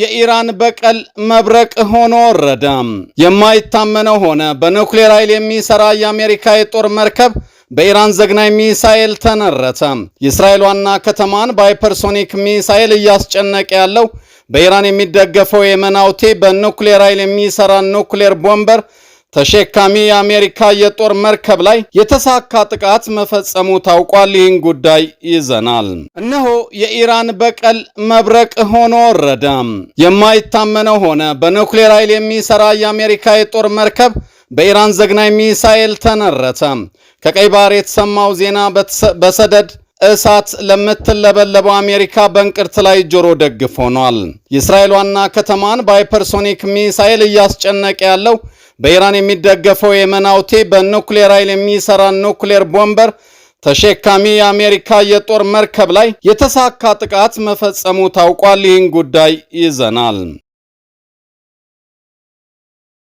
የኢራን በቀል መብረቅ ሆኖ ወረደ። የማይታመነው ሆነ። በኑክሌር ኃይል የሚሰራ የአሜሪካ የጦር መርከብ በኢራን ዘግናኝ ሚሳኤል ተነረተ። የእስራኤል ዋና ከተማን በሃይፐርሶኒክ ሚሳኤል እያስጨነቀ ያለው በኢራን የሚደገፈው የመናውቴ በኑክሌር ኃይል የሚሰራ ኑክሌር ቦምበር ተሸካሚ የአሜሪካ የጦር መርከብ ላይ የተሳካ ጥቃት መፈጸሙ ታውቋል። ይህን ጉዳይ ይዘናል። እነሆ የኢራን በቀል መብረቅ ሆኖ ወረደ። የማይታመነው ሆነ። በኒውክሌር ኃይል የሚሰራ የአሜሪካ የጦር መርከብ በኢራን ዘግናይ ሚሳኤል ተነረተ። ከቀይ ባህር የተሰማው ዜና በሰደድ እሳት ለምትለበለበው አሜሪካ በእንቅርት ላይ ጆሮ ደግፍ ሆኗል። የእስራኤል ዋና ከተማን በሃይፐርሶኒክ ሚሳይል እያስጨነቀ ያለው በኢራን የሚደገፈው የመን በኑክሌር ኃይል የሚሰራ ኑክሌር ቦምበር ተሸካሚ የአሜሪካ የጦር መርከብ ላይ የተሳካ ጥቃት መፈጸሙ ታውቋል። ይህን ጉዳይ ይዘናል።